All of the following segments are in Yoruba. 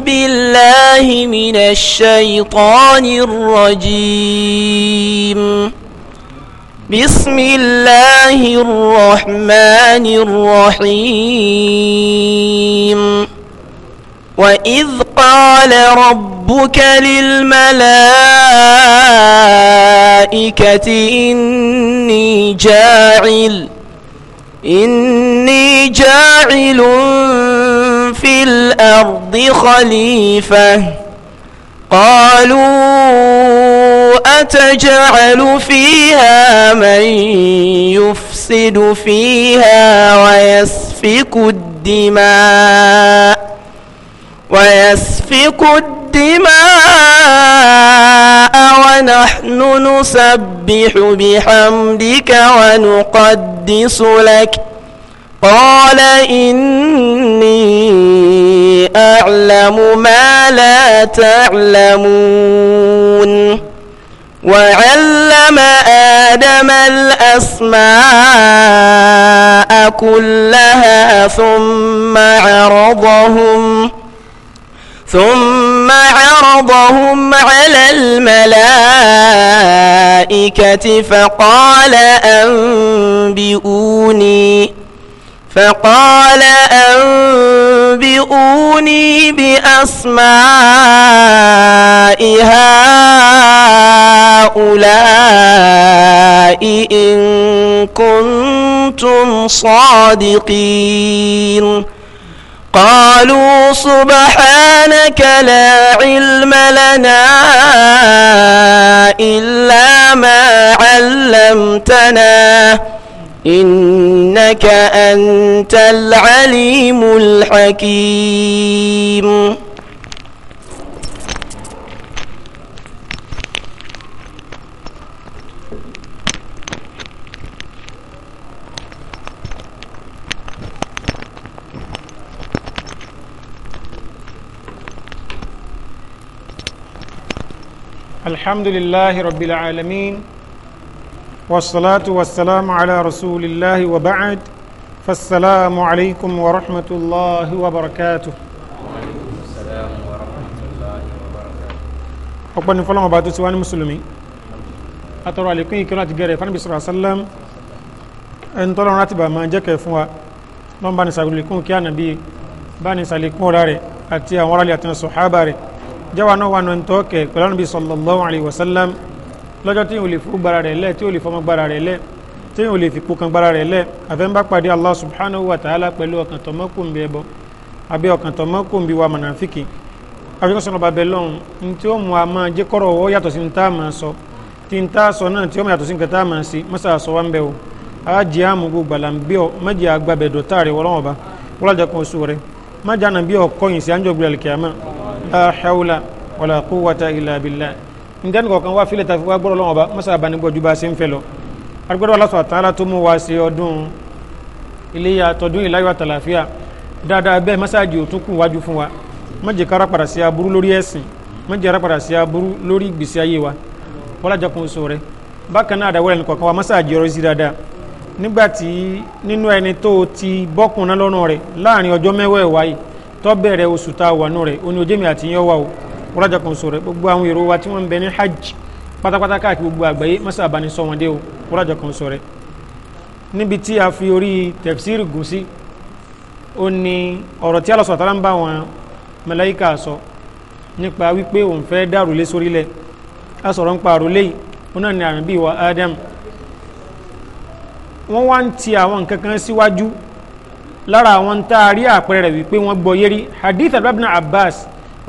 بالله من الشيطان الرجيم بسم الله الرحمن الرحيم وإذ قال ربك للملائكة إني جاعل إني جاعل في الأرض خليفة قالوا أتجعل فيها من يفسد فيها ويسفك الدماء ويسفك الدماء ونحن نسبح بحمدك ونقدس لك قال إنا يعلم ما لا تعلمون وعلم آدم الأسماء كلها ثم عرضهم ثم عرضهم على الملائكة فقال أنبئوني فقال أنبئوني بأسماء هؤلاء إن كنتم صادقين قالوا سبحانك لا علم لنا إلا ما علمتنا إنك أنت العليم الحكيم الحمد لله رب العالمين والصلاة والسلام على رسول الله وبعد فالسلام عليكم ورحمة الله وبركاته ọpẹ́ ní fọ́lọ́mọba tó ti wá ní mùsùlùmí àtọrọ àlékún ìkẹ́ láti gẹ̀rẹ̀ fún àbísọ̀rọ̀ àsálẹ́m ẹni tọ́lọ́run láti bàmá jẹ́kẹ̀ fún wa lọ́n bá ní sàlékún kí ànàbí bá ní sàlékún ọ̀rá rẹ̀ àti àwọn aráàlú àti sọ̀hábà rẹ̀ jẹ́wàá náà wà ní tọ́kẹ̀ pẹ̀lú ànàbí sallallahu alaihi wasallam lọ́jọ́ tí yìí ò lè fún gbára rẹ̀ lẹ̀ tí ò lè fọmọ gbára rẹ̀ lẹ̀ tí yìí ò lè fipò kan gbára rẹ̀ lẹ̀ àfẹ́ńbá pàdé Allah subhanahu wa ta'ala pẹ̀lú ọkàn tọmọkùnbi ẹbọ àbí ọkàn tọmọkùnbi wa mọ̀nàfíkì àfikọ́sọ̀nà bàbẹ̀ lọ́hùn ní tí ó mú a máa jẹ́ kọ́rọ̀ ọwọ́ yàtọ̀ sí ní tá a máa sọ tí n tá a sọ náà tí ó mú yàtọ̀ sí nǹkan tá a máa sí mọ́sá sọ wá ń bẹ̀ o àájì àmú gbogbo àlà ọ mẹ́jì àgbàbẹ̀ dọ̀tà rẹ̀ wọ́n ọba wọ́n lájà kan oṣù rẹ̀ mẹ́jì àná bí ọkọ yìí sí àńjọ gbìyànjú kìámà la hawla wala quwwata illa billah ntẹni kọ̀ọ̀kan wá filẹ̀ tàfi wá gbọ́dọ̀ lọ́wọ́ bá mọ́sá bá ní gbọ́jú bá ṣe ń lọ agbẹ́dọ̀ aláṣọ àtàlá tó mú wá ṣe ọdún iléyà tọdún ìláyọ̀ àtàlàfíà dáadáa bẹ́ẹ̀ mọ́sáàjì ò tún kù wájú fún wa má jẹ́ kára padà sí aburú lórí ẹ̀sìn má jẹ́ kára padà sí aburú lórí ìgbésí ayé wa wọ́lájà kún so rẹ bákan náà àdáwọ́lẹ̀ ní kọ̀ọ̀kan wa mọ́sáàjì ọ̀rọ̀ sí dáadáa nígbà tí nínú ẹni tó ti bọ́kùn náà lọ́rùn rẹ̀ láàrin ọjọ́ mẹ́wẹ́ẹ̀ wáyé tó bẹ̀rẹ̀ oṣù tá a wà nù rẹ̀ ó ní mi àti yín wà o kúrájà kan sọ̀rọ̀ gbogbo àwọn èrò wa tí wọ́n ń bẹ ní hajj pátápátá káàkiri gbogbo àgbáyé mọ́sá àbáni sọ wọn dé o kúrájà kan sọ̀rọ̀ níbi tí a fi orí tẹ̀fsírì gùn sí ó ní ọ̀rọ̀ tí alọ́sọ̀ àtàlà ń bá wọn màláíkà sọ nípa wípé òun fẹ́ dàrú lé sórílẹ̀ a sọ̀rọ̀ ń pa àrò léyìí ó náà ní àrùn bíi wa Adam wọ́n wá ń ti àwọn nǹkan kan síwájú lára àwọn tá a rí àpẹẹrẹ wípé wọ́n gbọ́ yérí hadith abdulhamid abbas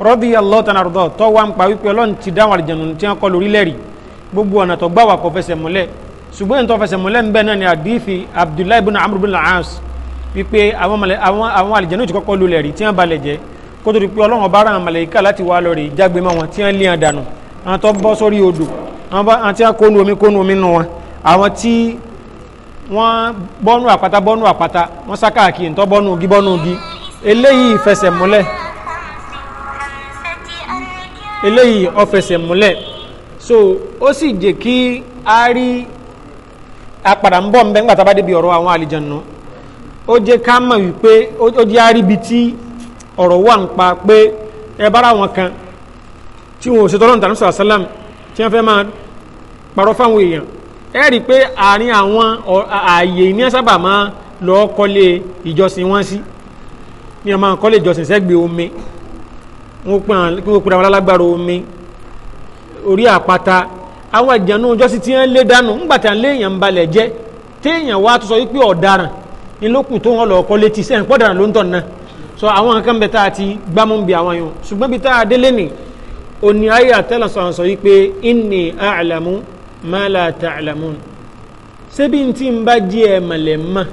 radiyallahu ta'ala rọ̀dọ̀ tọ́ wa ń pa wípé ọlọ́run ti dáwọn àlìjẹ̀nù tí wọ́n kọ́ lórí lẹ́rìí gbogbo ọ̀nà tó gbà kò fẹsẹ̀ múlẹ̀ ṣùgbọ́n ìtọ́ fẹsẹ̀ múlẹ̀ ń bẹ náà ni àdífi abdullahi ibn amr ibn al-as wípé àwọn àlìjẹ̀nù ti kọ́kọ́ lu lẹ́rìí tí wọ́n balẹ̀ jẹ́ kó tó di pé ọlọ́run ọba ràn màlẹ́kà láti wá lọ rè jágbe mọ́ wọn tí wọ́n lé wọn dànù àwọn tó bọ́ sórí odò àwọn tí wọ́n kónú omi kónú omi nù wọn àwọn tí eléyìí ó fẹsẹ̀ múlẹ̀ so ó sì jẹ́ kí a rí apàdà ń bọ̀ ń bẹ́ ńgbà tá a bá débi ọ̀rọ̀ àwọn àlìjànú ó jẹ́ ká mọ̀ wípé ó jẹ́ a rí ibi tí ọ̀rọ̀ wà ń pa pé ẹ bára wọn kan tí wọn ò ṣe tọ́lọ́nù tàbí sọ̀rọ̀ sálàm tí wọ́n fẹ́ máa parọ́ fáwọn èèyàn ẹ rí i pé àárín àwọn ààyè ní sábà máa lọ́ọ́ kọ́lé ìjọsìn wọn sí ní ọmọ kọ́lé ìjọsìn sẹ́gbẹ̀ẹ́ omi wọ́n pèrè àwọn alágbára omi orí àpáta àwọn àjànú ọjọ́sí tí wọ́n lé dànù ńgbàtà léèyàn ń balẹ̀ jẹ́ téèyàn wá tó sọ wípé ọ̀daràn ńlọkùn tó wọn lọ kọ́ létí sẹ́yìn pọ́daràn ló ń tọ̀ sọ àwọn nǹkan bẹ̀ tá a ti gbámú bí àwọn yòó ṣùgbọ́n bí tá a délé nìí oni ayé àtẹ́lẹ̀ sọ̀rọ̀ sọ wípé inni a'lamu ma la ta'lamun ṣebí ntí n bá jí ẹ mọ̀lẹ́ mọ̀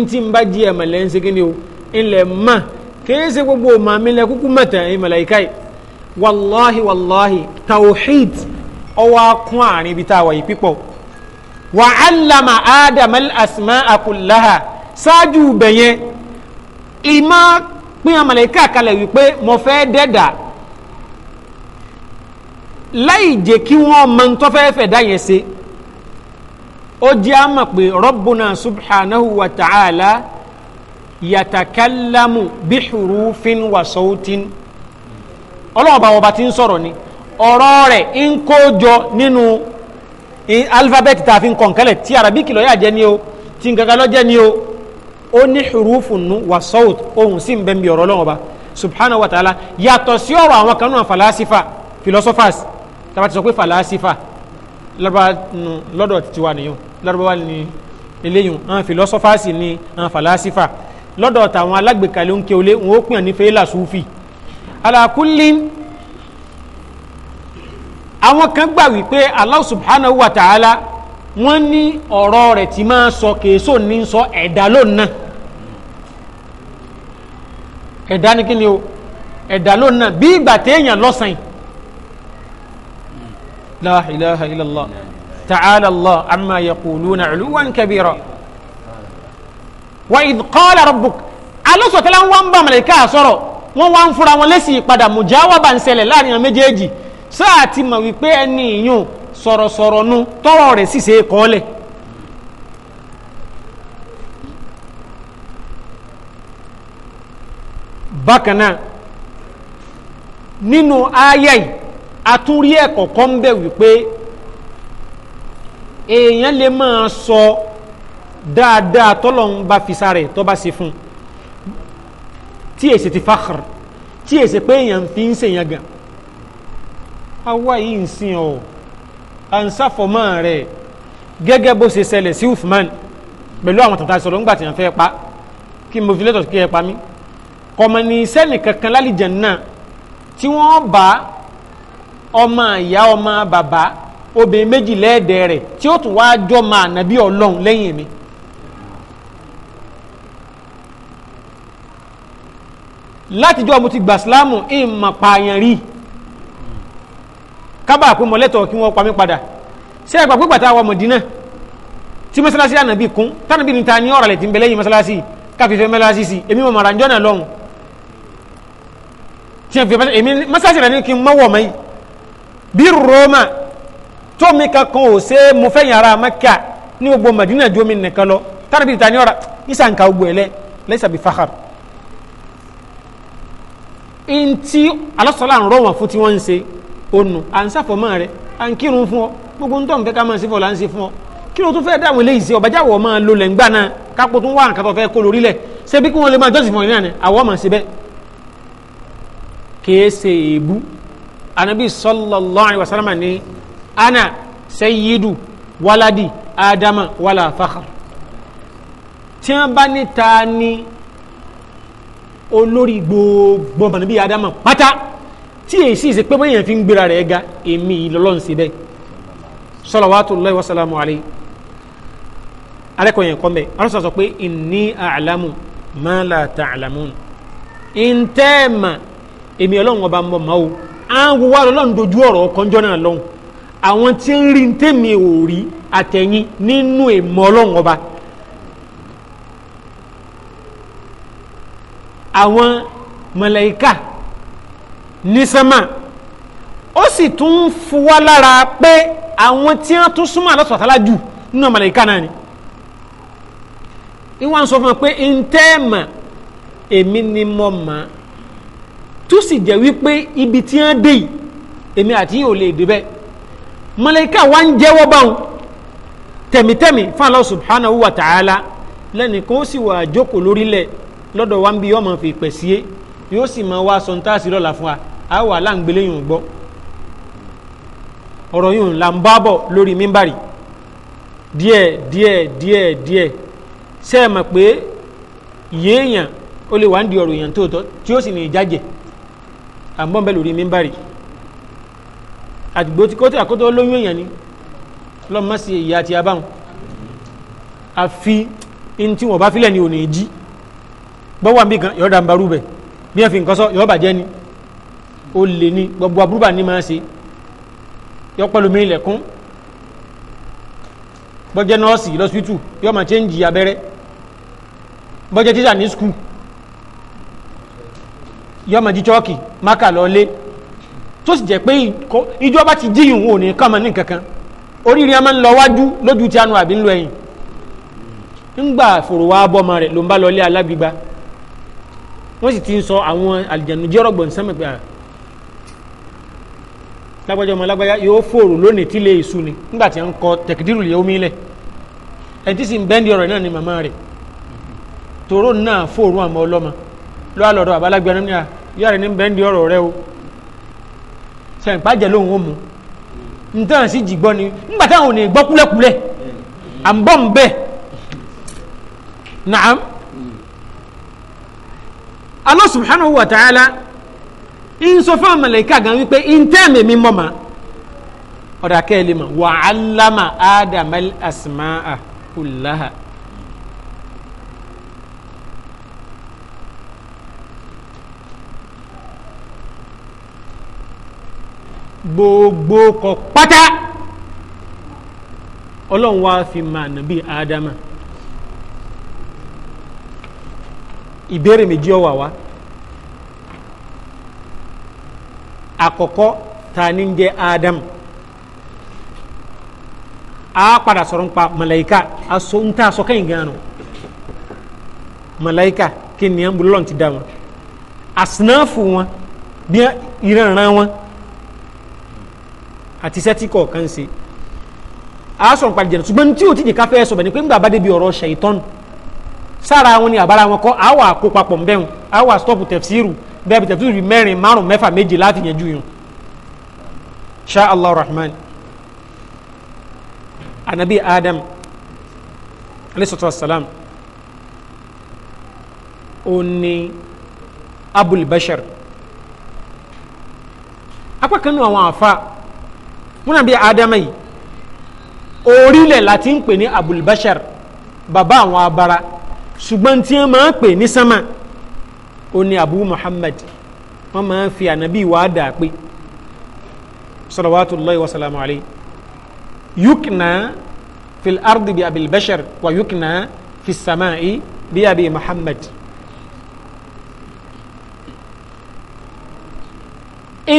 ntí n bá jí ẹ mọ̀lẹ́ ń segin ni o ilẹ̀ mọ̀ kìí ṣe gbogbo màmí lẹ kúkú mẹ́tẹ̀ ẹ̀yìn màláíkà yìí wàláhì wàláhì tawhid ọwọ́ akún àárín ibi tá a wà yìí pípọ̀ wa allama ádámà asma'a kullaha ṣáájú bẹ̀yẹn ìmọ̀ pín màláíkà kalẹ̀ wípé mo fẹ́ dẹ́dà láì jẹ́ kí wọ́n mọ tó fẹ́ ó jẹ́ àmọ̀ pé rabbuna subhanahu wa ta'ala yatakallamu bihurufin wa sautin ọlọ́run ọba ọba tí ń sọ̀rọ̀ ni ọ̀rọ̀ rẹ̀ ń kó jọ nínú alifábẹ́ẹ̀tì tá a fi ń kọ̀ǹkẹ́lẹ̀ tí arabiki lọ́yà jẹ́ ni o tí nǹkan lọ́jẹ́ ni o ó ní hurufun nu wa saut ohun sì ń bẹ́ ń bi ọ̀rọ̀ ọlọ́run subhanahu wa ta'ala yàtọ̀ sí ọ̀rọ̀ àwọn kan náà falasifa philosophers tàbá sọ pé falasifa lọ́dọ̀ tiwa nìyẹn lọ́dọ̀ wa ni eléyìí àwọn philosophers ni àwọn falasifa lọ́dọ̀ tàwọn alágbèkalẹ̀ ń kéwlé wọn ó pìyàn ní fẹ́lá sufi alákùnlé àwọn kan gbà wípé Allah subhanahu wa ta'ala wọ́n ní ọ̀rọ̀ rẹ̀ ti máa sọ kèso ní sọ ẹ̀dá lónà ẹ̀dá ní kíni o ẹ̀dá lónà bí ìgbà téèyàn lọ́sàn la ilaha illallah ta'ala Allah amma yaquluna 'uluwan kabira. wa idh qala rabbuk allah so nwamba wan ba malaika soro won fura won lesi pada mujawaban sele laarin an mejeji saa ti ma wi pe eni yun soro soro nu toro re si se kole bákanáà nínú ayé àtúrí ẹ̀kọ̀ọ̀kan bẹ̀ wípé sọ dáadáa tọ́lọ̀ ń bá fi sáré tó bá ṣe fún tí èsì ti fàkàr tí èsì pé èèyàn fi ń sèyàn gan awa yìí ń sìn ọ à ń sáfọmọ rẹ gẹ́gẹ́ bó ṣe ṣẹlẹ̀ sí Uthman pẹ̀lú àwọn tàǹtà sọ̀rọ̀ ńgbà tí wọ́n fẹ́ pa kí mo fi lẹ́tọ̀ kí ẹ pa mí kọ̀mọ̀ ní kankan lálìjẹ̀ náà tí wọ́n bá ọmọ ìyá ọmọ bàbá obìnrin méjì lẹ́ẹ̀dẹ̀ tí ó tún wáá jọ́ máa nàbí ọlọ́run lẹ́yìn mi látijọ́ mo ti gbà sílámù ìmọ̀ pààyàn rí kábà pé mo lẹ́tọ̀ọ́ kí wọ́n pa mí padà ṣé ẹgbà pé pàtàkì àwọn Mọ̀dínà tí mọ́sálásí ànàbì kún tánàbì níta ní ọ̀rọ̀ lẹ́tì ń bẹ lẹ́yìn mọ́sálásí káfífẹ́ mọ́sálásí sí èmi mọ̀ màrà njọ́ náà lọ́hùn tí wọ́n èmi mọ́sálásí rẹ̀ ní kí n mọ́wọ́ mọ́ yìí bí Roma tó mi kankan ò ṣe mo fẹ́ yàrá Mẹ́kà ní gbogbo Mọ̀dínà jómi nìkan lọ tánàbì níta ní ọ̀rọ̀ ìsànkà ntí alásọ̀lá ń rọ̀ wọ́n fún tí wọ́n ń ṣe onu à ń sàfọ̀mọ́ rẹ̀ à ń kírun fún ọ gbogbo ntọ́ nfẹ́ ká máa ṣe fọ́ là ń ṣe fún ọ kí ló tún fẹ́ dáwọn eléyìí sí ọba jáwọ́ máa lo lẹ́ngbà náà kápò tún wà nǹkan tó fẹ́ kó lórí lẹ̀ ṣé bí kí wọ́n lè máa jọ́sìn fún ọ ní àwọ̀ máa ṣe bẹ́ẹ̀ kìí ṣe èébú anabi sallallahu alaihi wasallam ni ana sayyidu waladi adama wala fakhar tí wọ́n bá ní ta ni olórí gbogbo ọmọ níbi adama pátá tí èyí sì ṣe pé bóyá fi ń gbéra rẹ̀ ga èmi lọ́lọ́run sí bẹ́ẹ̀ salawatullahi wa salamu alayhi alẹ́kọ̀ọ́ yẹn kọ́ mẹ́ arọ́sọ sọ pé inni a'lamu ma la ta'lamun ntẹ́ẹ̀mà èmi ọlọ́run ọba mọ̀ máa o àwọn wa lọ́lọ́run dojú ọ̀rọ̀ ọkànjọ́ náà lọ́hùn àwọn tí ń rí ntẹ́mi ò rí àtẹ̀yìn nínú èmọ̀ ọlọ́run ọba àwọn mọ̀lẹ́kà ní sánmà ó sì tún ń fuwá lára pé àwọn tí wọ́n tún súnmọ́ àlọ́sọ̀tàlá jù nínú mọ̀lẹ́kà náà ni ìwọ́n sọ fún mi pé ntẹ́ẹ̀mà èmi ni mo mọ̀ tó sì jẹ́ wípé ibi tí wọ́n dé yìí èmi àti yìí ò lè débẹ̀ mọ̀lẹ́kà wa ń jẹ́wọ́ báwọn tẹ̀mítẹ̀mí fún Allah subhanahu wa ta'ala lẹ́nìkan ó sì wà jókòó lórílẹ̀ lọ́dọ̀ wa ń bí ọmọ fi pẹ̀ sí é yóò sì máa wá aṣọ ntáàsì lọ́la fún wa á wà láǹgbélé yòó gbọ́ ọ̀rọ̀ yòó là ń bá bọ̀ lórí mímbàrì díẹ̀ díẹ̀ díẹ̀ díẹ̀ ṣe é mọ̀ pé yéèyàn ó lè wà ń di ọ̀rọ̀ èèyàn tóòtọ́ tí ó sì ní ìjájẹ̀ à ń bọ̀ bẹ́ẹ̀ lórí mímbàrì àdìgbò tí kò àkótó lóyún èèyàn ni lọ́mọ ìyá àti abáhùn àfi ní tí bá filẹ̀ ni ò ní í jí bọ́wọ́ àmì kan yọ̀ọ́dà ń barú bẹ̀ bí wọ́n fi nǹkan sọ yọ̀ọ́ bàjẹ́ ni ó lè ní gbogbo àbúrúbà ní máa ṣe yọ pẹ̀lú mi ilẹ̀kùn bọ́jẹ́ nọ́ọ̀sì lọ́sítù yọ máa ṣe ń jì abẹ́rẹ́ bọ́jẹ́ tíṣà ní skul yọ máa jí chọ́ọ̀kì máka lọ́lé tó sì jẹ́ pé ìjọba ti jíyìn òun ní kàn ní kankan oríire a máa ń lọ wájú lójú tí a àbí ń lọ ẹ̀yìn ńgbà fòrò wa bọ́ ọmọ rẹ̀ ló ń bá lọlé alágbègbà wọ́n sì ti ń sọ àwọn àlìjànú jẹ́rọ̀ gbọ̀n sẹ́mẹ̀ pé lágbájá ọmọ lágbájá yóò fòrò lónìí tí lè èṣù ni nígbà tí a ń kọ tẹ̀kídìrù lè omi ilẹ̀ ẹ̀ tí sì ń bẹ́ndì ọ̀rọ̀ náà ni màmá rẹ̀ tòró náà fòrò àmọ́ ọlọ́mọ lọ́wọ́ lọ́dọ̀ àbálágbé ọ̀nà níyà yóò rẹ̀ ní bẹ́ndì ọ̀rọ̀ rẹ o sẹ̀yìn pàjẹ́ lóhun ó mu nítorí sí jìgbọ́ ni nígbà táwọn ò ní gbọ́ kúlẹ̀kúlẹ̀ à ń bọ́ ń bẹ́ẹ̀ nàám Allah subhanahu wa ta'ala ń sọ fún màláíkà gan wípé ń tẹ́ẹ̀mẹ̀ mi mọ́ ma ọ̀dà kẹ́ẹ̀lì mọ̀ wa 'allama Adama al-asma'a kullaha. gbogbo kọ pátá ọlọ́run wá fi máa nàbí ádámà ìbéèrè méjì ọ̀wà wa àkọ́kọ́ ta ni ń jẹ́ Adam a padà sọ̀rọ̀ nípa màláíkà aso ń tà sọ kẹ́yìn gan-an màláíkà kí ni ẹnbú lọ́n ti dá wọn àsìnáàfù wọn bí ìrànràn wọn àti sẹ́tì kọ̀ọ̀kan ṣe a sọ̀rọ̀ nípa jẹ̀rẹ̀ ṣùgbọ́n tí o ti jẹ́ káfẹ́ sọ̀bẹ̀ ni pé ń gbà bá débi ọ̀rọ̀ ṣàìtọ́nù sára wọn ni àbára wọn kọ́ àwọ̀ àkópapọ̀ mbẹ́hùn àwọ̀ àstọ́pù tẹ̀fsíìrù bẹ́ẹ̀ bí tẹ̀fsíìrù mẹ́rin márùn mẹ́fà méje láti yẹn ju yun ṣá allah rahman anabi adam alayisalaatu wasalaam Oni abul bashar apá kan nínú àwọn àfa wọn nàbí adama yìí orílẹ̀ láti ń pè ní abul bashar bàbá àwọn abara ṣùgbọ́n tí wọ́n máa ń pè ní sánmà ó ní abu muhammad wọ́n máa ń fi ànábì wá dà pé salawatullahi wa salamu alayhi yukna fil ardi bi abil bashar wa yukna fi samai bi abi muhammad.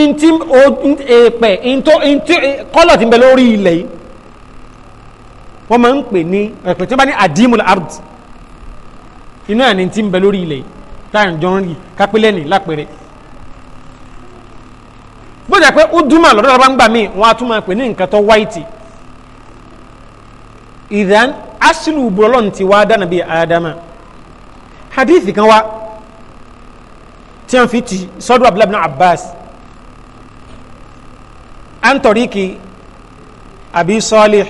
ntí èèpẹ̀ ntí kọ́lọ̀ tí ń bẹ lórí ilẹ̀ yìí wọ́n máa ń pè ní ẹ̀pẹ̀ tí wọ́n bá ní adimul ardi inú ẹ̀ ní ti ń bẹ lórí ilẹ̀ táyà jọ ń rí kápẹ́lẹ́ ní lápẹ̀rẹ̀ bó jẹ́ pé ó dúmọ̀ lọ́dọ̀ lọ́ba ń gbà mí wọ́n á tún máa pè ní nǹkan tó wáìtì ìdán asìlù bùrọ̀lọ́n ti wá dáná bíi adama hadith kan wá tí wọ́n fi ti sọ́dọ̀ abdullahi bin abbas antoriki abi salih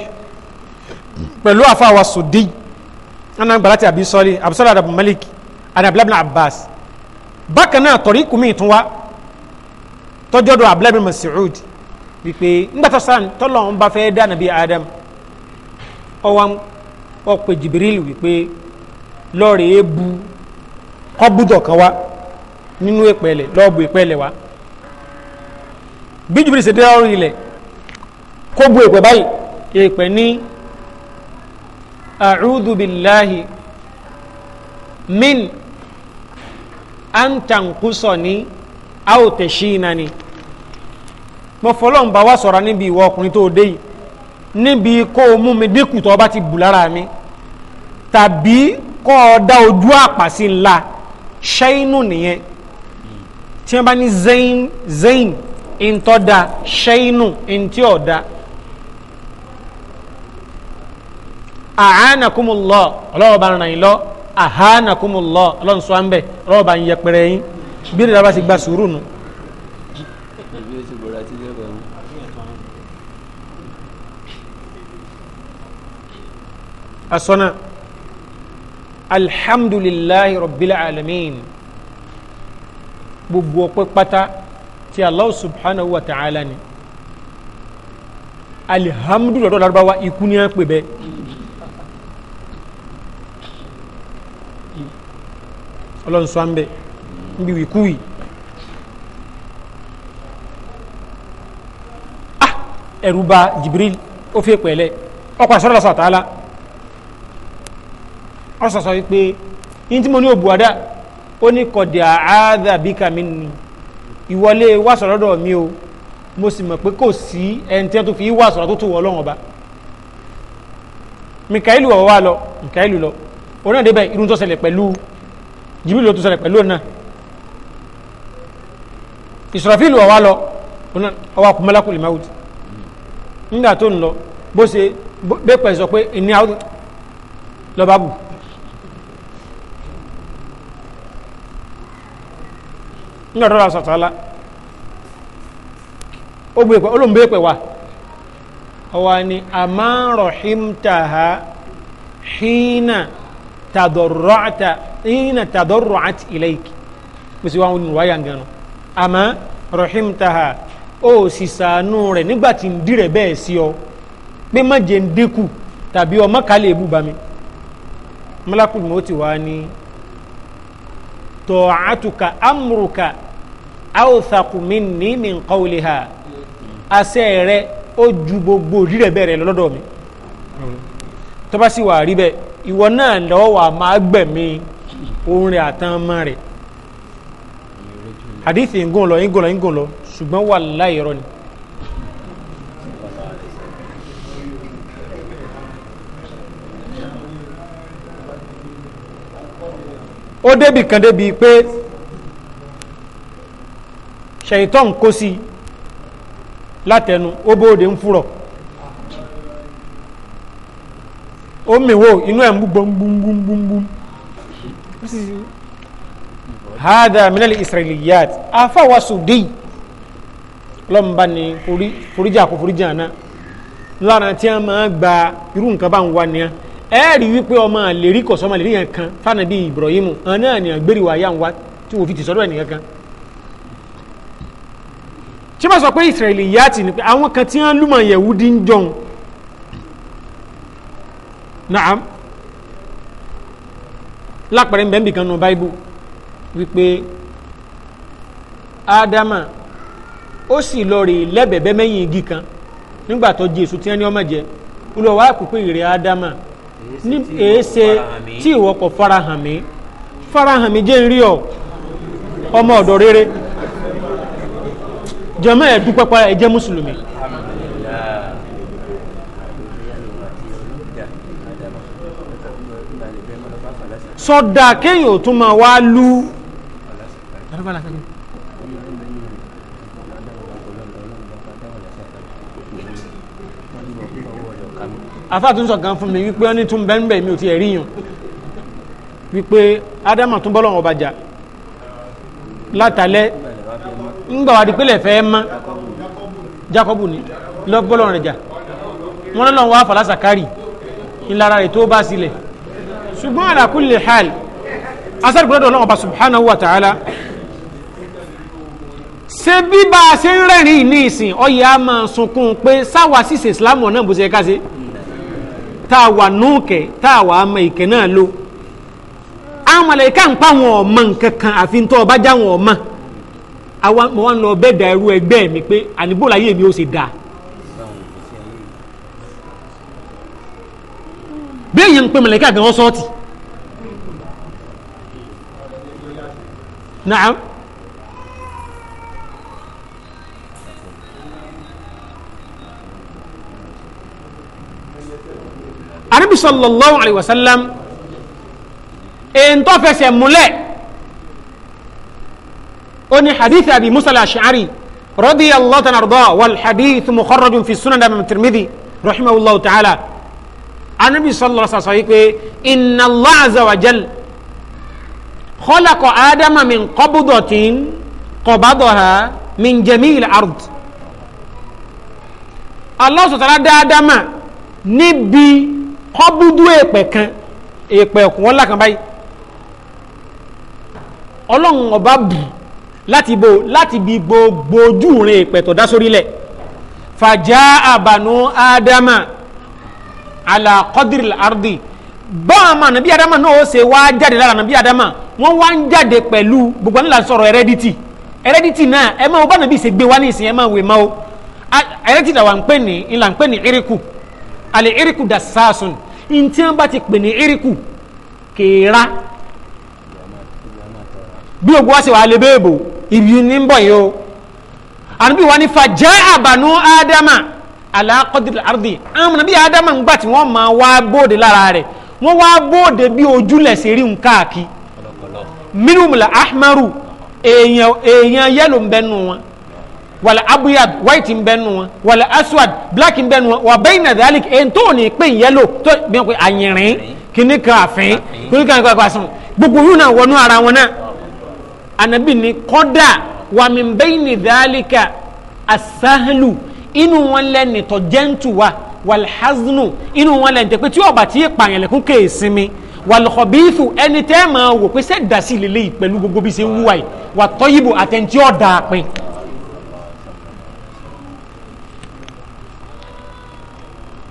pẹ̀lú àfàwà sùdíì. ana gbala ti abi sọli abi malik abbas bákan náà tọ̀rí tún wá tọ́jọ́ do abdulayi bin wípé ńgbàtà sàn adam O ọ̀pẹ jibril wípé lọ́ọ̀rẹ́ ebu kọ́bùdọ̀ kan wá nínú ìpẹ́lẹ̀ lọ́ọ̀bù ìpẹ́lẹ̀ wá bí jibril ṣe dé bu báyìí أعوذ بالله من أن تنقصني أو تشينني mo fọlọ́n bá wa sọ̀rọ̀ níbi ìwọ ọkùnrin tó dé yìí níbi kó o mú mi dínkù tó o bá ti bù lára mi tàbí kó o dá ojú àpà sí ńlá ṣẹ́yìnù nìyẹn tí wọ́n bá ní zayn ń tọ́ da ṣẹ́yìnù ń tí ò da. àhánakumùlọ ọlọ́wọ́ bá ràn yín lọ àhánakumùlọ ọlọ́run sọ àmbẹ̀ ọlọ́wọ́ bá ń yẹpẹrẹ yín bí rẹ̀ bá ti gba sùúrù nù. asọ́nà alhamdulillahi rabbil alamin gbogbo ọpẹ́ pátá tí allah subhanahu wa ta'ala ni alihamdu lọ́dọ̀ Lárúbáwá ikú ni a pè bẹ́ẹ̀. ọlọ́run sọ àmbẹ̀ níbi wìkúwì ah ẹ̀rù Jibril ó fi pẹ̀lẹ́ ọkọ̀ àṣọ́rọ̀ lọ́sọ̀ àtàlá ọ̀sọ̀ sọ wípé yín tí mo ní òbúwadá ó ní kọ̀dẹ̀ àádà bí kàmí ni ìwọlé wàsọ̀rọ̀dọ̀ mi o mo sì mọ̀ pé kò sí ẹni tí wọ́n tó fi wàsọ̀rọ̀ tó tó wọ́ ọlọ́run ọba Mikailu lọ Mikailu lọ onáà débẹ̀ irun tó ṣẹlẹ̀ pẹ̀lú Jibril ló tún ṣẹlẹ̀ pẹ̀lú náà Israfil wà wá lọ ọwọ́ akumalaku lè máwùtì nígbà tó ń lọ bó ṣe bẹ́ẹ̀ pẹ̀ sọ pé ìní àwọn lọ́ba bù. nígbà tó ra sàtàlá ó gbé pẹ̀ olóhùn bẹ́ẹ̀ pẹ̀ wá ọwọ́ ni àmà rọ̀hìm tàhá hínà tàdọ̀rọ̀ta ina tadarruat ilayki bó sì wá wọn wáyà gan àmọ́ rahimtaha ó sì sàánú rẹ̀ nígbà tí ń dí rẹ̀ bẹ́ẹ̀ sí ọ pé má jẹ́ ń dínkù tàbí ọmọ kálẹ̀ èbú bami malakul mọ́tì wá ní tọ́ọ̀átùka amúrùka awùsàkù mi ní mi ń kọ́wìlì ju gbogbo rírẹ̀ bẹ̀rẹ̀ lọ́dọ̀ mi tọ́ba sì wà rí bẹ́ẹ̀ ìwọ náà lọ́wọ́ wà máa gbẹ̀mí. òun rẹ̀ àtàn ọmọ rẹ̀ hadithi ń gùn lọ ń gùn lọ ń gùn lọ ni. ó débì kan débi pé ṣèyítọ́ kó sí látẹnu ó bóde ń fúrọ̀ ó mìwò inú ẹ̀ ń hada minali israeliyat afawa sudei lọ́nba ni foríjà kò foríjà náà lára tí a máa gba irú nǹkan bá ń wá ni ẹ rí wípé ọmọ àlérí kọ̀sọ́ ọmọ àlérí yẹn kan fáànà bíi Ibrahimu àwọn náà ni àgbèrèwà yà ń wá tí wọ́n fi ti sọ́dọ̀ ẹnìkan kan tí wọ́n sọ pé israeliyat ni pé lapere ń bẹ níbi kan adama báíbù wípé ádámà ó sì lọ rè mẹ́yìn igi kan nígbà tó jésù tí wọ́n ní ọmọ jẹ olùwà wà ìrè ádámà ní èéṣe tí farahàn mí farahàn mí jẹ́ ń rí ọ ọmọ rere sọ́dà kéèyàn tún máa wá lú afáàtún sọ gan fún mi wípé ọ́nì tún bẹ́ẹ̀ mi ò ti ẹ̀rí yàn wípé ádámà tún bọ́lọ̀ ọba jà látàlẹ́ ńgbà wà dípẹ́lẹ̀ fẹ́ mọ́ Jacobu ni lọ́gbọ́lọ̀ rẹ̀ jà wọ́n lọ́wọ́ àfàlásàkárì ńlára rẹ̀ tó bá sílẹ̀ ṣùgbọ́n ala kulli hal asẹ́rì gbọ́dọ̀ ọlọ́wọ́ bá subhanahu wa ta'ala ṣe bí bá a ṣe ń rẹ̀rìn ní ìsìn ọyẹ a máa sunkún pé sáwà síse islam ọ̀nà bó ṣe ká ṣe tá a wà núkẹ̀ tá a wà ama ìkẹ́ náà lò àwọn mọ̀lẹ́ká ń pa wọn ọ̀ma nǹkan kan àfi tó ọba já wọn ọ̀ma àwọn mọ̀ wọn lọ bẹ́ẹ̀ da irú ẹgbẹ́ mi pé àníbó láyé mi ó ṣe dáa bí pè mọ̀lẹ́kà gan ọ́sọ́ọ̀tì náà anábì sallallahu alaihi wasallam èyí tó fẹsẹ̀ múlẹ̀ ó ní hadith abi musa al-ash'ari radiyallahu ta'ala anhu wal hadith mukharrajun fi sunan imam tirmidhi rahimahullahu ta'ala anabi sallallahu alaihi wasallam wípé inna Allah azza wa jal khalaqa adama min qabdatin qabadaha min jami'il ard Allah sọ̀tara dá adama níbi kọ́búdú èpẹ̀ kan èpẹ̀ ọ̀kùn wọn lákan báyìí ọlọ́run ọba bù láti bo láti bi gbogbo ojú rìn èpẹ̀ tó dá sórílẹ̀ fàjá àbànú ádámà ala qadiril ardi báwọn nàbí adama náà se ṣe wá jáde lára nàbí adama wọn wá ń jáde pẹ̀lú gbogbo nílà sọ̀rọ̀ ẹrẹ́dìtì ẹrẹ́dìtì náà ẹ máa wọ bá nàbí se gbé wá ní ìsìn ẹ máa wè máa o ẹrẹ́dìtì làwọn ń pè ní ìlànà ń pè ní iriku àlè iriku da saasun ntí wọn bá ti pè ní iriku kéèrà bí ogun wá sí wàá lè béèbò ìrìn ní ń bọ̀ yìí o àdúgbò wa ní fàjẹ́ àbànú ádámà alákọ̀dìrì àrùdì àwọn nàbí adama ń gbà tí wọ́n máa wá bóde lára rẹ̀ wọ́n wá bóde bí ojúlẹ̀ sí rí nǹkan àkí minumula ahmaru èèyàn èèyàn yẹ́lò ń bẹ́ nù wọn wàlẹ̀ abuyad white ń bẹ́ nù wọn wàlẹ̀ aswad black ń bẹ́ nù wọn wà bẹ́yìn náà dalik èyí tó pé yẹ́lò tó bí wọn pe àyìnrín kìíní kan àfin kìíní kan kan gbogbo yìí náà wọnú ara wọn náà anabi ni kọ́dà wàmí bẹ́yìn náà dalika asahlu. Inu wọn lẹ́ni tó jẹ́ǹtù wa wàlhaznu inu wọn lẹ́ni tẹ́ pé tí ọba tí pààyàn lẹ́kún kéè sinmi wàlùkọ̀bíìfù ẹni tẹ́ máa wò pé sẹ́dásí lélẹ́yìí pẹ̀lú gbogbo bí ṣe ń wúwa yìí wà tọ́yìbò àtẹ̀ntì ọ̀dà pin.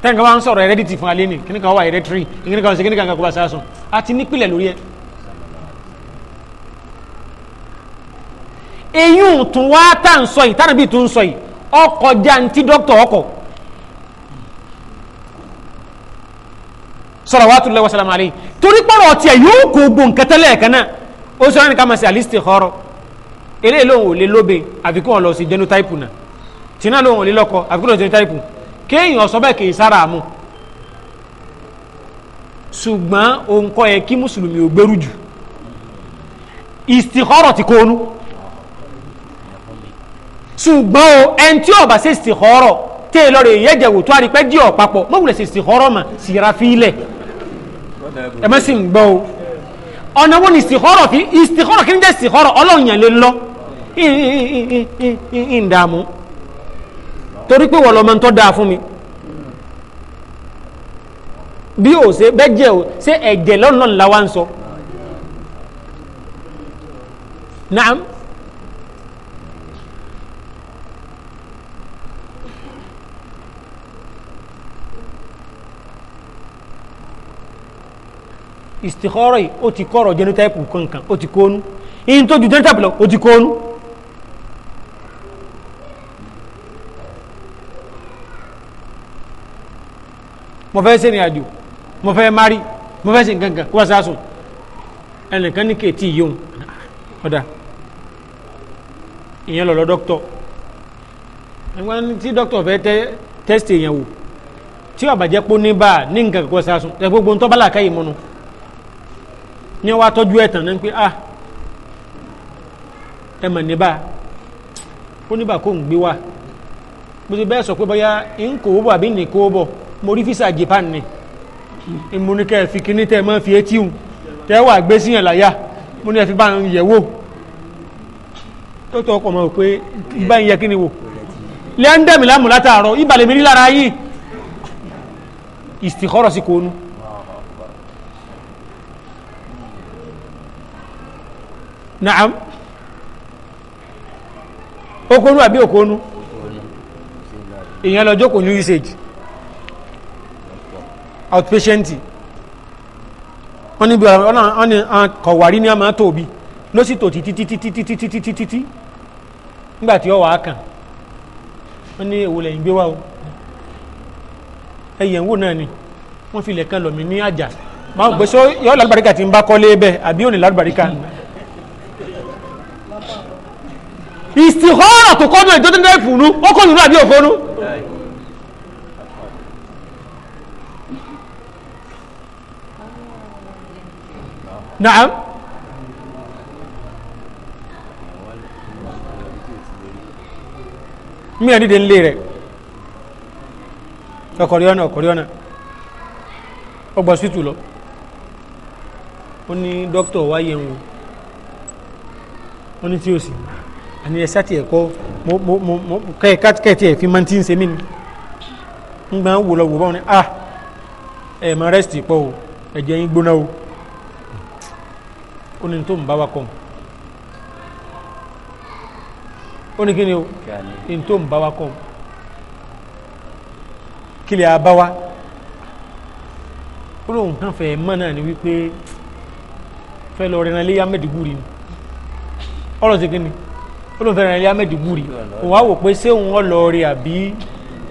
tẹ́ǹkan bá ń sọ̀rọ̀ heredity fún alẹ́ ni kíní kan wà hereditary kíní ṣe kíní kan kò bá sá sùn a nípìlẹ̀ lórí ẹ. eyín tún wá tá à ń sọ yìí tánàbí tún ń sọ yìí ọkọ̀ jantí dókítà ọkọ̀ salawatullahi wa salamu alayhi torí pọ̀rọ̀ ọ̀tí ẹ̀ yóò kó gbó nǹkan tẹ́lẹ̀ ẹ̀kan náà ó sọ wọn ní ká máa ṣe al-istikhara eré lóhùn ò lè lóbe àfikún ọ̀ lọ sí genotype náà tìǹà lóhùn ò lè lọ́kọ àfikún ọ̀ genotype kéèyàn ọ̀sọ́ bẹ́ẹ̀ kìí sára àmú ṣùgbọ́n òǹkọ́ ẹ̀ kí mùsùlùmí ò gbèrú jù istikhara ti kóonú ṣùgbọ́n o ẹni tí ọba ṣe sì họ́rọ̀ tí èlò rẹ̀ yẹ jẹ̀wò tó àrípẹ́ jí ọ̀ papọ̀ mọ̀wùlẹ̀ ṣe sì họ́rọ̀ mà sì ra fi ilẹ̀ ẹ mọ̀ sí ń gbọ́ o ọ̀nà wo ni ìsìkọ́rọ̀ fi ìsìkọ́rọ̀ kí ni jẹ́ ìsìkọ́rọ̀ ọlọ́run yẹn lè lọ ìdààmú torí pé wọ́n lọ́mọ tó dáa fún mi bí o ṣe bẹ́jẹ̀ o ṣe ẹ̀jẹ̀ lọ́nà làwọn sọ istikhara yìí ó ti kọ́rọ̀ genotype kankan ó ti kónú in tó ju genotype lọ ó ti kónú mo fẹ́ ṣe ní àjò mo fẹ́ mari mo fẹ́ ṣe nǹkankan kó wá sásùn ẹnìkan ní kèétí yóò ọ̀dà ìyẹn lọ̀lọ́ dókítọ̀ ẹgbẹ́ tí dókítọ̀ fẹ́ tẹ́sítì èèyàn wò tí ó bá jẹ́ pé ó ní bá ní nǹkan kó wá sásùn ẹ gbogbo ń tọ́ bá làákàyè mọ́nu ní wàá tọ́jú ẹ̀tàn náà pé ah ẹ mọ̀ níbà ó níbà kó ń gbé wá bó ti bẹ́ẹ̀ sọ pé bóyá ń kò wọ́bọ̀ àbí ní kò wọ́bọ̀ mo rí físà Japan ni mo ní kẹ́ ẹ fi kíní tẹ́ ẹ máa fi etí hùn tẹ́ wà gbé síyàn láyà mo ní ẹ fi bá ń yẹ̀ wò tó tọ́ ọkọ̀ mọ̀ pé bá ń yẹ kí ni wò lẹ́ńdẹ̀mì lámù látàárọ̀ ìbàlẹ̀ mi rí lára yìí ìsìkọ́rọ̀ sí kò nu. naam okonu àbí okonu ìyẹn lọ jókòó ní usage outpatient wọ́n níbi ọ̀nà kọ̀wárí ní àmà tóbi ló sì tò títí ti ti ti ti ti ti ti ti wọ́n ní èwo lẹ́yìn gbé wá o ẹ̀yẹ̀ ń wò náà ni wọ́n fi lẹ̀kan lọ̀mí ní àjà máa gbé sọ yọ́ lálùbáríkà ti ń bá kọ́lé bẹ́ẹ̀ àbí òní lálùbáríkà ìsìnkọ́rọ̀ tó kọ́nù ẹ̀ tó tẹ́ ìfúnú ó kò nínú àbí òfónú naam mìíràn dìde nílé rẹ̀ ọkọ̀rí ọ̀nà ọkọ̀rí ọ̀nà ọgbà sítù lọ ó ní dókítà wáyé wọn ó ní tí ó sì ní àní ẹ sátì ẹ̀kọ́ kẹ́ẹ̀kẹ́ẹ̀tì ẹ̀ fi máa ti ń ṣe mí ni ń gbà ń wò lọ wò báwọn ni ah ẹ̀ máa rẹ́sìtì pọ̀ o ẹ̀jẹ̀ yín gbóná o o ní tó ń bá wa kọ́ o ní kí ni o ní tó ń bá wa kọ́ kí lè a bá wa o lóun kàn fẹ́ mọ́ náà ni wípé fẹ́ lọ rẹ̀ náà léyà mẹ́dìgúrì ni ọ̀rọ̀ ti kí ni olùfẹ́ràn ilé ahmed buri òun á wò pé ṣé òun ọ lọ rí àbí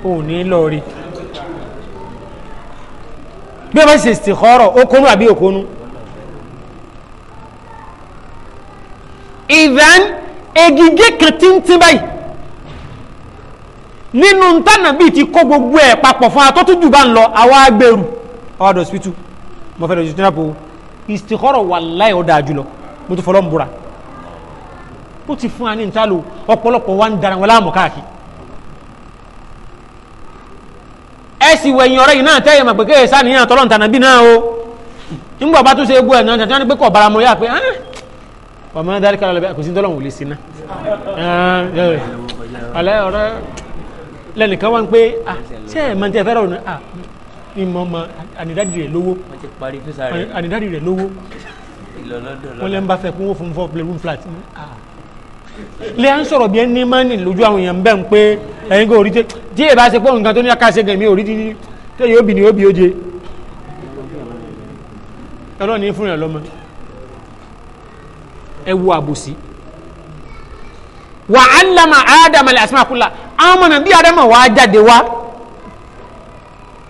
òun ní lọ rí bí wọ́n ṣe istikhara okonu àbí okonu ìdán egige kan tíntín báyìí nínú ntànà bíi ti kó gbogbo ẹ̀ papọ̀ fún atọ́tújù bá ń lọ àwọn agbèrú ọ̀dọ̀ hospital mo fẹ́ lọ sí tinapo istikhara wallahi ó dáa jùlọ mo tún fọlọ́ ń búra ó ti fún wa ní ìtàlù ọ̀pọ̀lọpọ̀ wa ń dara wọn láàmú káàkiri ẹ sì wẹ̀yìn ọ̀rẹ́ yìí náà tẹ́ ẹ̀mọ̀ pé kéè sáà nìyàn tọ́lọ̀ ntànà bí náà o ńgbà bá tún ṣe egbò ẹ̀nà tàbí wọn pé kọ̀ bára mọ́ yá pé ẹ́ ọmọ náà dárí kálọ̀ lẹ́bẹ̀ẹ́ kò sí tọ́lọ̀ wò lè sí ná ọ̀lẹ́ ah, ọ̀rẹ́ lẹ́nìkan wá ń pé ah, ṣé ẹ̀ mọ̀ ní ẹ̀fẹ́ rọrùn náà ah, ìmọ̀ ọmọ ànídádì rẹ̀ lówó ànídádì rẹ̀ lówó wọ́n lẹ́ ń ah lè à ń sọ̀rọ̀ bí ẹni máa nì lójú àwọn èèyàn bẹ́ẹ̀ ń pé ẹ̀yin kò rí tẹ́ tí èèyàn bá ṣe pọ́ nǹkan tó ní aká ṣe gan mi ò rí ti ní tẹ́ yóò bì ní òbí oje ẹ̀rọ ní fún yàn lọ́mọ ẹ wo àbòsí. wà á lámà ádámà lè àsìmá kúlà àwọn ọmọ náà bí ádámà wà á jáde wá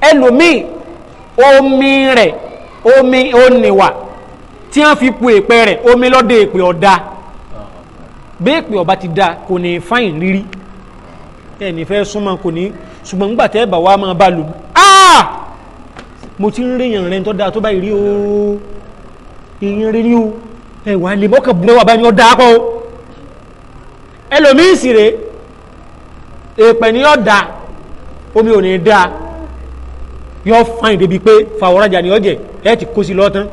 ẹlòmíì omi rẹ̀ omi oníwà tí wọ́n fi pu èpè rẹ̀ omi lọ́dẹ èpè ọ̀dà béèpì ọba ti da kò ní fáìn rírí ẹni fẹ́ súnmọ́ kò ní ṣùgbọ́n nígbà tẹ́ bá wa máa bá lù áà mo ti ń ríyàn rẹ̀ tó dáa tó báyìí rí o ìyẹn rí ni o ẹ̀wà lè mọ́kàn bùnẹ́wà bá ní ọ dáa pọ̀ o ẹlòmíì sì rè èèpẹ̀ ni ọ da omi ò ní da yọ fáìn débi pé fàwọ́rajà ni ọ jẹ ẹ ti kó sí lọ́tán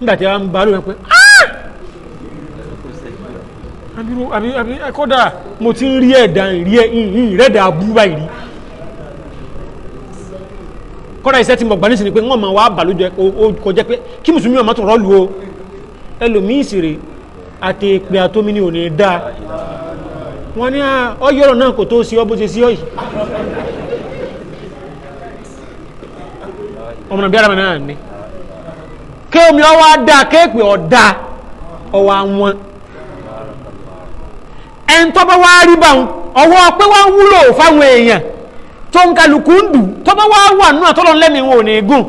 nígbà tí a ń bá lù yẹn pé áà àbí àbí kódà mo ti ń rí ẹ̀dà ìrí ìhìn ìrẹ́dà abúrúbá ìrí kódà iṣẹ́ tí mo gbà nísìnyí pé wọ́n máa wá bà lójọ kò jẹ́ pé kí mùsùlùmí ọmọ tó rọ́ọ̀lù o ẹlòmíín sì rè àti èpè àtómi ni ò ní dá wọn ní ọyọrọ náà kò tó sí ọ bó ṣe sí ọ yìí ọmọ nàbí ara náà ní kéèmí ọwọ́ dáa kéèpè ọ̀ ọwọ́ àwọn ẹn tó bá wá rí báwọn ọwọ́ pé wọ́n wúlò fáwọn èèyàn tó ń kalùkù ń dù tó bá wá wà nù àtọ́lọ́ lẹ́mi wọn ò ní gùn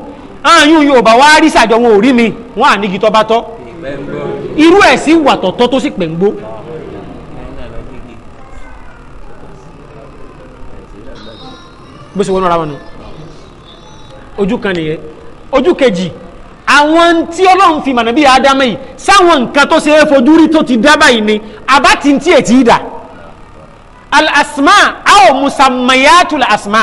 ààyùn yóò bá wá rí sàjọ wọn ò rí mi wọn à nígi tó bá tọ́ irú ẹ̀ sí wà tọ̀tọ́ tó sì pẹ̀ bó ṣe wọnú ara wọn nù ojú kan nìyẹn ojú kejì àwọn tí ọlọ́run fi mọ̀nà bí adama yìí sáwọn nǹkan tó ṣe é fojú rí tó ti dá báyìí ni àbá ti ń tí ètí ìdà al-asma aw musammayatu al-asma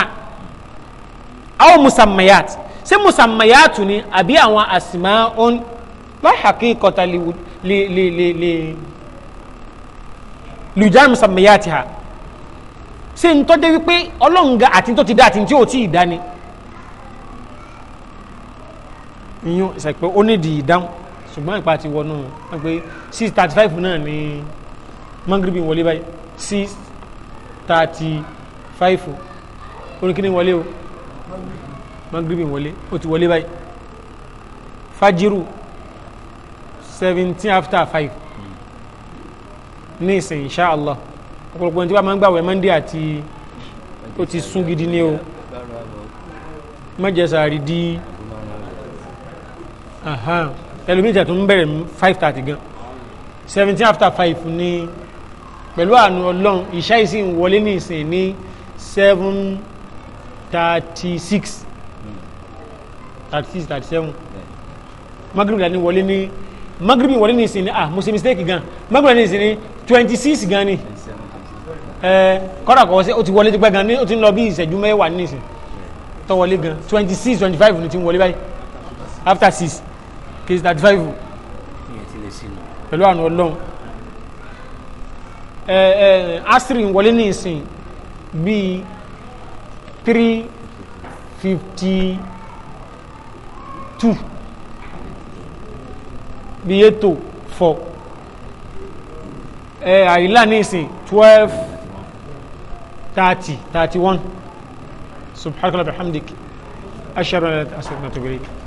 aw musammayat ṣé musammayatu ni àbí àwọn asma on la haqiqata li li li li li lujan musammayatiha ṣé ń tọ́jú wípé ọlọ́run ga àti tó ti dá àti tí ò tí ì dá ni iyún ìsẹ̀pẹ́ ó nídìí ìdáhùn ṣùgbọ́n ìpa ti wọnú wọn pé six thirty five náà ni mangiribi wọlé báyìí six thirty five oníkíní wọlé o mangiribi wọlé ó ti wọlé báyìí fajiru seventeen after five ní ìsìn inṣáàlá ọ̀pọ̀lọpọ̀ tí wọ́n máa ń gbàwẹ̀ monday àti ó ti sún gidi ní o mọ́jẹsàárì di ẹlòmíì tẹ̀ tó ń bẹ̀rẹ̀ five thirty gan seventeen after five ní pẹ̀lú àánú ọlọ́run ìṣá ìsìn wọlé ní ìsìn ní seven thirty six thirty six thirty seven magrebi lani wọlé ní magrebi wọlé ní ìsìn ní ah mo ṣe mistake gan magrebi ní ìsìn ní twenty six gan ni kọ́dà kọ́ sí ó ti wọlé tipẹ́ gan ni ó ti ń lọ bí ìṣẹ́jú mẹ́wàá ní ìsìn tó gan twenty six twenty five ni ti ń wọlé báyìí after six kejì thirty five pẹ̀lú àánú ọlọ́run ẹ ẹ asiri wọlé ní ìsìn bíi three fifty two bíi ètò oh four ẹ àyílà ní ìsìn twelve thirty thirty one subhanaka wa bihamdik ashhadu an la wa atubu